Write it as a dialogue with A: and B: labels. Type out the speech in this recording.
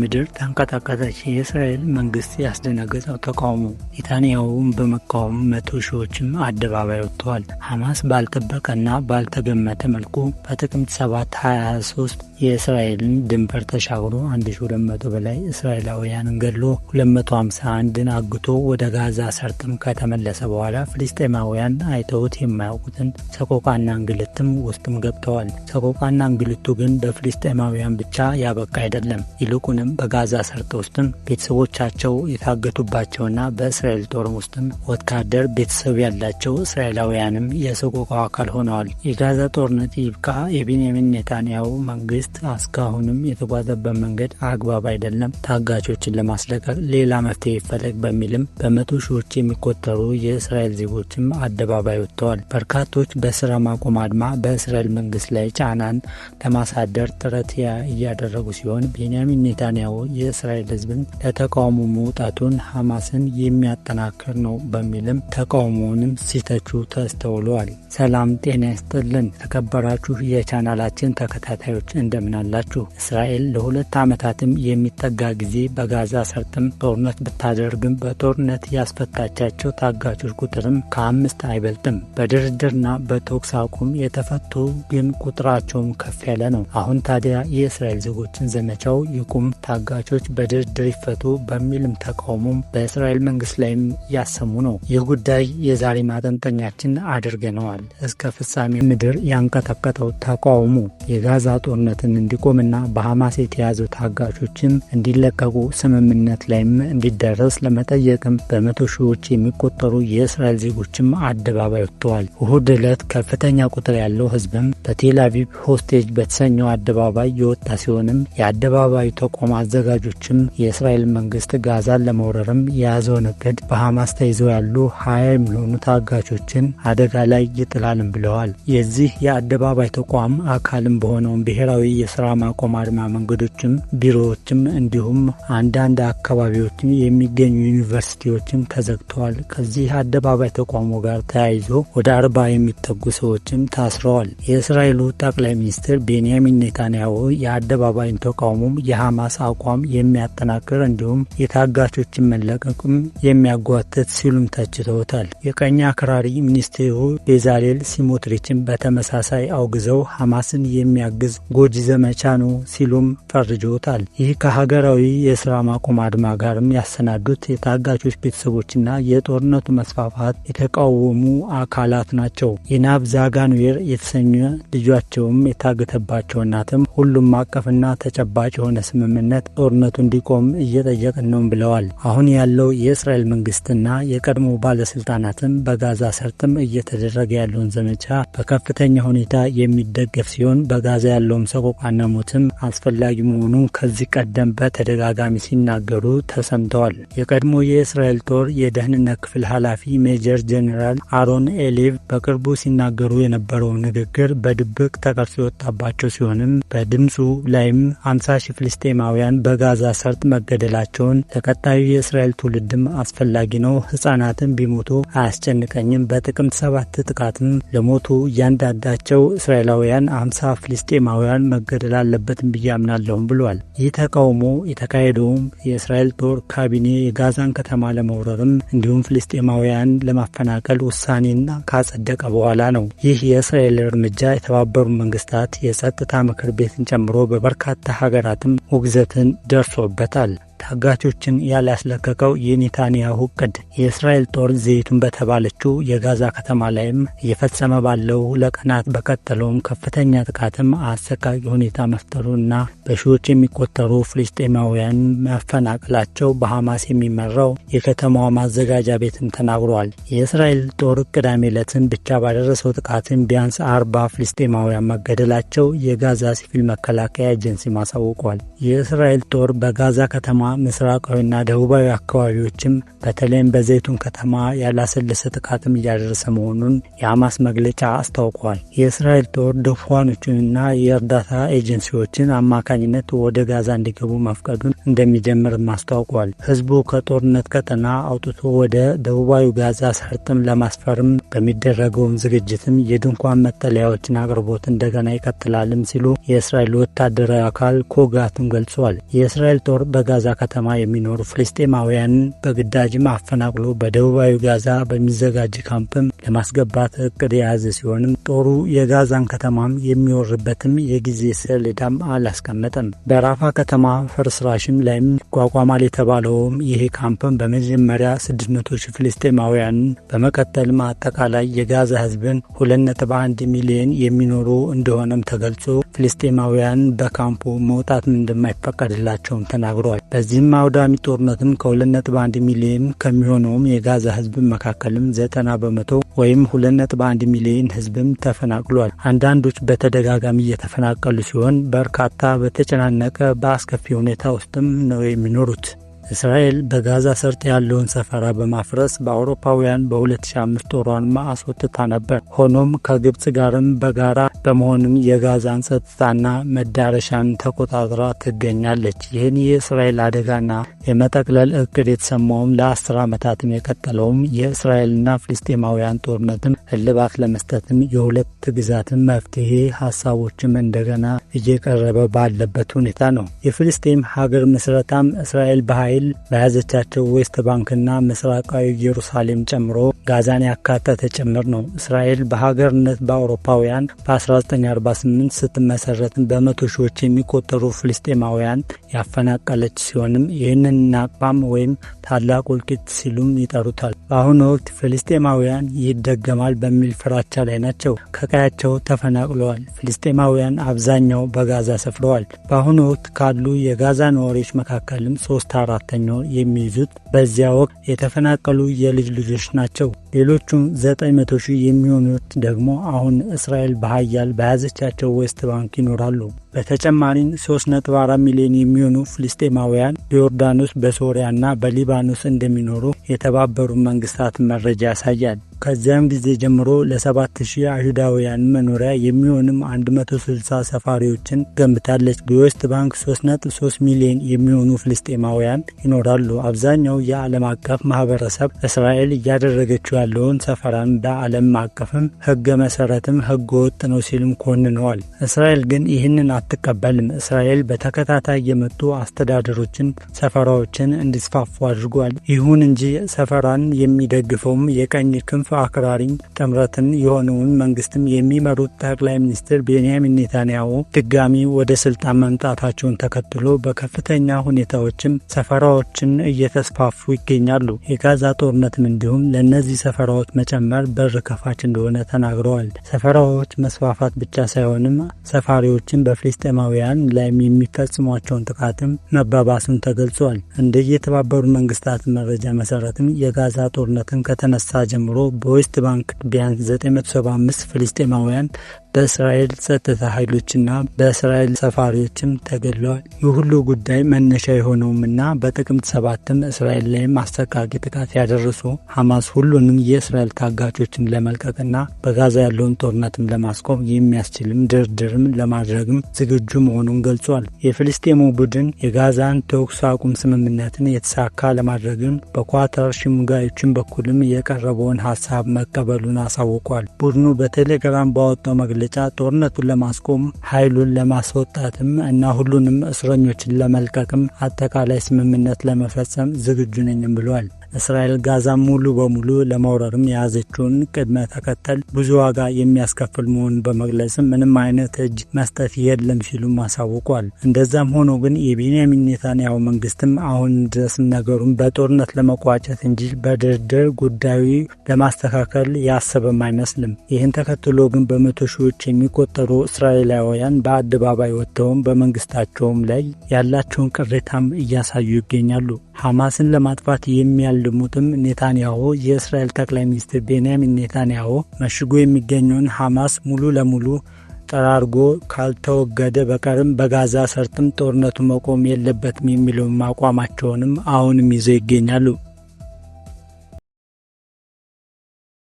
A: ምድር ተንቀጠቀጠች። የእስራኤል መንግስት ያስደነገጠው ተቃውሞ፣ ኔታንያሁን በመቃወም መቶ ሺዎችም አደባባይ ወጥተዋል። ሐማስ ባልጠበቀና ባልተገመተ መልኩ በጥቅምት 7 23 የእስራኤልን ድንበር ተሻግሮ 1200 በላይ እስራኤላውያንን ገድሎ 251ን አግቶ ወደ ጋዛ ሰርጥም ከተመለሰ በኋላ ፍልስጤማውያን አይተውት የማያውቁትን ሰቆቃና እንግልትም ውስጥም ገብተዋል። ሰቆቃና እንግልቱ ግን በፍልስጤማውያን ብቻ ያበቃ አይደለም። ይልቁ ይልቁንም በጋዛ ሰርጥ ውስጥም ቤተሰቦቻቸው የታገቱባቸውና በእስራኤል ጦር ውስጥም ወታደር ቤተሰብ ያላቸው እስራኤላውያንም የሰቆቃው አካል ሆነዋል። የጋዛ ጦርነት ይብቃ የቤንያሚን ኔታንያሁ መንግስት እስካሁንም የተጓዘበት መንገድ አግባብ አይደለም፣ ታጋቾችን ለማስለቀቅ ሌላ መፍትሄ ይፈለግ በሚልም በመቶ ሺዎች የሚቆጠሩ የእስራኤል ዜጎችም አደባባይ ወጥተዋል። በርካቶች በስራ ማቆም አድማ በእስራኤል መንግስት ላይ ጫናን ለማሳደር ጥረት እያደረጉ ሲሆን ቤንያሚን ኔታንያሁ የእስራኤል ህዝብን ለተቃውሞ መውጣቱን ሐማስን የሚያጠናክር ነው በሚልም ተቃውሞውንም ሲተቹ ተስተውለዋል። ሰላም ጤና ይስጥልን ተከበራችሁ የቻናላችን ተከታታዮች እንደምናላችሁ። እስራኤል ለሁለት ዓመታትም የሚጠጋ ጊዜ በጋዛ ሰርጥም ጦርነት ብታደርግም በጦርነት ያስፈታቻቸው ታጋቾች ቁጥርም ከአምስት አይበልጥም። በድርድርና በተኩስ አቁም የተፈቱ ግን ቁጥራቸውም ከፍ ያለ ነው። አሁን ታዲያ የእስራኤል ዜጎችን ዘመቻው ይቁም እንዲሁም ታጋቾች በድርድር ይፈቱ በሚልም ተቃውሞም በእስራኤል መንግስት ላይም ያሰሙ ነው። ይህ ጉዳይ የዛሬ ማጠንጠኛችን አድርገነዋል። እስከ ፍጻሜ ምድር ያንቀጠቀጠው ተቃውሞ የጋዛ ጦርነትን እንዲቆምና በሐማስ የተያዙ ታጋቾችም እንዲለቀቁ ስምምነት ላይም እንዲደረስ ለመጠየቅም በመቶ ሺዎች የሚቆጠሩ የእስራኤል ዜጎችም አደባባይ ወጥተዋል። እሁድ ዕለት ከፍተኛ ቁጥር ያለው ህዝብም በቴል አቪቭ ሆስቴጅ በተሰኘው አደባባይ የወጣ ሲሆንም የአደባባዩ ለማቆም አዘጋጆችም የእስራኤል መንግስት ጋዛን ለመውረርም የያዘውን እቅድ በሐማስ ተይዘው ያሉ ሀያ የሚሆኑ ታጋቾችን አደጋ ላይ ይጥላልም ብለዋል። የዚህ የአደባባይ ተቋም አካልም በሆነውም ብሔራዊ የስራ ማቆም አድማ መንገዶችም፣ ቢሮዎችም እንዲሁም አንዳንድ አካባቢዎች የሚገኙ ዩኒቨርሲቲዎችም ተዘግተዋል። ከዚህ አደባባይ ተቋሙ ጋር ተያይዞ ወደ አርባ የሚጠጉ ሰዎችም ታስረዋል። የእስራኤሉ ጠቅላይ ሚኒስትር ቤንያሚን ኔታንያሁ የአደባባይን ተቃውሞም የሐማ አቋም የሚያጠናክር እንዲሁም የታጋቾችን መለቀቅም የሚያጓትት ሲሉም ተችተውታል። የቀኝ አክራሪ ሚኒስቴሩ ቤዛሌል ሲሞትሪችን በተመሳሳይ አውግዘው ሐማስን የሚያግዝ ጎጂ ዘመቻ ነው ሲሉም ፈርጆታል። ይህ ከሀገራዊ የስራ ማቆም አድማ ጋርም ያሰናዱት የታጋቾች ቤተሰቦችና የጦርነቱ መስፋፋት የተቃወሙ አካላት ናቸው። የናብ ዛጋንዌር የተሰኘ ልጇቸውም የታገተባቸው እናትም ሁሉም አቀፍና ተጨባጭ የሆነ ስምም ስምምነት ጦርነቱ እንዲቆም እየጠየቅን ነው ብለዋል። አሁን ያለው የእስራኤል መንግስትና የቀድሞ ባለስልጣናትም በጋዛ ሰርጥም እየተደረገ ያለውን ዘመቻ በከፍተኛ ሁኔታ የሚደገፍ ሲሆን በጋዛ ያለውም ሰቆቃና ሞትም አስፈላጊ መሆኑ ከዚህ ቀደም በተደጋጋሚ ሲናገሩ ተሰምተዋል። የቀድሞ የእስራኤል ጦር የደህንነት ክፍል ኃላፊ ሜጀር ጄኔራል አሮን ኤሌቭ በቅርቡ ሲናገሩ የነበረው ንግግር በድብቅ ተቀርጾ የወጣባቸው ሲሆንም በድምፁ ላይም 50 ሺህ ፍልስጤማ ፍልስጤማውያን በጋዛ ሰርጥ መገደላቸውን፣ ተከታዩ የእስራኤል ትውልድም አስፈላጊ ነው፣ ህጻናትን ቢሞቱ አያስጨንቀኝም። በጥቅምት ሰባት ጥቃትም ለሞቱ እያንዳንዳቸው እስራኤላውያን አምሳ ፍልስጤማውያን መገደል አለበትም ብዬ አምናለሁም ብሏል። ይህ ተቃውሞ የተካሄደውም የእስራኤል ጦር ካቢኔ የጋዛን ከተማ ለመውረርም እንዲሁም ፍልስጤማውያን ለማፈናቀል ውሳኔና ካጸደቀ በኋላ ነው። ይህ የእስራኤል እርምጃ የተባበሩ መንግስታት የጸጥታ ምክር ቤትን ጨምሮ በበርካታ ሀገራትም ይዘትን ደርሶበታል። ታጋቾችን ያላስለቀቀው የኔታንያሁ እቅድ የእስራኤል ጦር ዘይቱን በተባለችው የጋዛ ከተማ ላይም እየፈጸመ ባለው ለቀናት በቀጠለውም ከፍተኛ ጥቃትም አሰቃቂ ሁኔታ መፍጠሩና በሺዎች የሚቆጠሩ ፍልስጤማውያን መፈናቀላቸው በሐማስ የሚመራው የከተማዋ ማዘጋጃ ቤትም ተናግሯል። የእስራኤል ጦር ቅዳሜ ዕለትን ብቻ ባደረሰው ጥቃትም ቢያንስ አርባ ፍልስጤማውያን መገደላቸው የጋዛ ሲቪል መከላከያ ኤጀንሲ ማሳውቋል። የእስራኤል ጦር በጋዛ ከተማ ምስራቃዊና ደቡባዊ አካባቢዎችም በተለይም በዘይቱን ከተማ ያላሰለሰ ጥቃትም እያደረሰ መሆኑን የሐማስ መግለጫ አስታውቋል። የእስራኤል ጦር ድንኳኖችንና የእርዳታ ኤጀንሲዎችን አማካኝነት ወደ ጋዛ እንዲገቡ መፍቀዱን እንደሚጀምር አስታውቋል። ህዝቡ ከጦርነት ቀጠና አውጥቶ ወደ ደቡባዊ ጋዛ ሰርጥም ለማስፈርም በሚደረገውም ዝግጅትም የድንኳን መጠለያዎችን አቅርቦት እንደገና ይቀጥላልም ሲሉ የእስራኤል ወታደራዊ አካል ኮጋትም ገልጿል። የእስራኤል ጦር በጋዛ ከተማ የሚኖሩ ፍልስጤማውያንን በግዳጅም አፈናቅሎ በደቡባዊ ጋዛ በሚዘጋጅ ካምፕም ለማስገባት እቅድ የያዘ ሲሆንም ጦሩ የጋዛን ከተማም የሚወርበትም የጊዜ ሰሌዳም አላስቀመጠም። በራፋ ከተማ ፍርስራሽም ላይም ይቋቋማል የተባለውም ይሄ ካምፕም በመጀመሪያ 600 ሺህ ፍልስጤማውያንን በመቀጠልም አጠቃላይ የጋዛ ህዝብን 2.1 ሚሊዮን የሚኖሩ እንደሆነም ተገልጾ ፍልስጤማውያን በካምፑ መውጣትም እንደማይፈቀድላቸውም ተናግረዋል። በዚህም አውዳሚ ጦርነትም ከ2.1 ሚሊዮን ከሚሆነውም የጋዛ ህዝብ መካከልም ዘጠና በመቶ ወይም 2.1 ሚሊዮን ህዝብም ተፈናቅሏል። አንዳንዶች በተደጋጋሚ እየተፈናቀሉ ሲሆን፣ በርካታ በተጨናነቀ በአስከፊ ሁኔታ ውስጥም ነው የሚኖሩት። እስራኤል በጋዛ ሰርጥ ያለውን ሰፈራ በማፍረስ በአውሮፓውያን በ2005 ጦሯን ማስወጥታ ነበር። ሆኖም ከግብፅ ጋርም በጋራ በመሆንም የጋዛን ጸጥታና መዳረሻን ተቆጣጥራ ትገኛለች። ይህን የእስራኤል አደጋና የመጠቅለል እቅድ የተሰማውም ለአስር ዓመታትም የቀጠለውም የእስራኤልና ፍልስጤማውያን ጦርነትም እልባት ለመስጠትም የሁለት ግዛትን መፍትሄ ሀሳቦችም እንደገና እየቀረበ ባለበት ሁኔታ ነው። የፍልስጤም ሀገር ምስረታም እስራኤል በሀይ እስራኤል በያዘቻቸው ዌስት ባንክና ምስራቃዊ ኢየሩሳሌም ጨምሮ ጋዛን ያካተተ ጭምር ነው። እስራኤል በሀገርነት በአውሮፓውያን በ1948 ስትመሰረት በመቶ ሺዎች የሚቆጠሩ ፍልስጤማውያን ያፈናቀለች ሲሆንም ይህንን ናቅባም ወይም ታላቅ ውልቂት ሲሉም ይጠሩታል። በአሁኑ ወቅት ፍልስጤማውያን ይደገማል በሚል ፍራቻ ላይ ናቸው። ከቀያቸው ተፈናቅለዋል። ፍልስጤማውያን አብዛኛው በጋዛ ሰፍረዋል። በአሁኑ ወቅት ካሉ የጋዛ ነዋሪዎች መካከልም ሶስት አራት አራተኛው የሚይዙት በዚያ ወቅት የተፈናቀሉ የልጅ ልጆች ናቸው። ሌሎቹም 900 ሺህ የሚሆኑት ደግሞ አሁን እስራኤል በሀያል በያዘቻቸው ዌስት ባንክ ይኖራሉ። በተጨማሪም 3.4 ሚሊዮን የሚሆኑ ፍልስጤማውያን በዮርዳኖስ በሶሪያና በሊባኖስ እንደሚኖሩ የተባበሩ መንግስታት መረጃ ያሳያል። ከዚያም ጊዜ ጀምሮ ለ7000 አይሁዳውያን መኖሪያ የሚሆንም 160 ሰፋሪዎችን ገንብታለች። በዌስት ባንክ 3.3 ሚሊዮን የሚሆኑ ፍልስጤማውያን ይኖራሉ። አብዛኛው የዓለም አቀፍ ማህበረሰብ እስራኤል እያደረገችው ያለውን ሰፈራን እንደ አቀፍም ህገ መሰረትም ህገ ወጥ ነው ሲልም ኮንነዋል። እስራኤል ግን ይህንን አትቀበልም። እስራኤል በተከታታይ የመጡ አስተዳደሮችን ሰፈራዎችን እንዲስፋፉ አድርጓል። ይሁን እንጂ ሰፈራን የሚደግፈውም የቀኝ ክንፍ አክራሪ ጥምረትን የሆነውን መንግስትም የሚመሩት ጠቅላይ ሚኒስትር ቤንያሚን ኔታንያሁ ድጋሚ ወደ ስልጣን መምጣታቸውን ተከትሎ በከፍተኛ ሁኔታዎችም ሰፈራዎችን እየተስፋፉ ይገኛሉ። የጋዛ ጦርነትም እንዲሁም ለእነዚህ ሰፈራዎች መጨመር በር ከፋች እንደሆነ ተናግረዋል። ሰፈራዎች መስፋፋት ብቻ ሳይሆንም ሰፋሪዎችን በፍልስጤማውያን ላይም የሚፈጽሟቸውን ጥቃትም መባባሱን ተገልጿል። እንደ የተባበሩ መንግስታት መረጃ መሰረትም የጋዛ ጦርነትን ከተነሳ ጀምሮ በዌስት ባንክ ቢያንስ 975 ፍልስጤማውያን በእስራኤል ጸጥታ ኃይሎችና በእስራኤል ሰፋሪዎችም ተገድለዋል። ይህ ሁሉ ጉዳይ መነሻ የሆነውምና በጥቅምት ሰባትም እስራኤል ላይም አሰቃቂ ጥቃት ያደረሱ ሐማስ ሁሉንም የእስራኤል ታጋቾችን ለመልቀቅና በጋዛ ያለውን ጦርነትም ለማስቆም የሚያስችልም ድርድርም ለማድረግም ዝግጁ መሆኑን ገልጿል። የፍልስጤሙ ቡድን የጋዛን ተኩስ አቁም ስምምነትን የተሳካ ለማድረግም በኳታር ሽምጋዮችን በኩልም የቀረበውን ሀሳብ መቀበሉን አሳውቋል። ቡድኑ በቴሌግራም ባወጣው መግለ መገለጫ ጦርነቱን ለማስቆም ኃይሉን ለማስወጣትም እና ሁሉንም እስረኞችን ለመልቀቅም አጠቃላይ ስምምነት ለመፈጸም ዝግጁ ነኝም ብሏል። እስራኤል ጋዛ ሙሉ በሙሉ ለመውረርም የያዘችውን ቅድመ ተከተል ብዙ ዋጋ የሚያስከፍል መሆኑን በመግለጽም ምንም አይነት እጅ መስጠት የለም ሲሉም አሳውቋል። እንደዛም ሆኖ ግን የቤንያሚን ኔታንያሁ መንግስትም አሁን ድረስም ነገሩን በጦርነት ለመቋጨት እንጂ በድርድር ጉዳዩ ለማስተካከል ያሰበም አይመስልም። ይህን ተከትሎ ግን በመቶ ሺዎች የሚቆጠሩ እስራኤላውያን በአደባባይ ወጥተውም በመንግስታቸውም ላይ ያላቸውን ቅሬታም እያሳዩ ይገኛሉ። ሐማስን ለማጥፋት የሚያል ልሙጥም ኔታንያሁ የእስራኤል ጠቅላይ ሚኒስትር ቤንያሚን ኔታንያሁ መሽጎ የሚገኘውን ሐማስ ሙሉ ለሙሉ ጠራርጎ ካልተወገደ በቀርም በጋዛ ሰርጥም ጦርነቱ መቆም የለበትም የሚለውም አቋማቸውንም አሁንም ይዘው ይገኛሉ።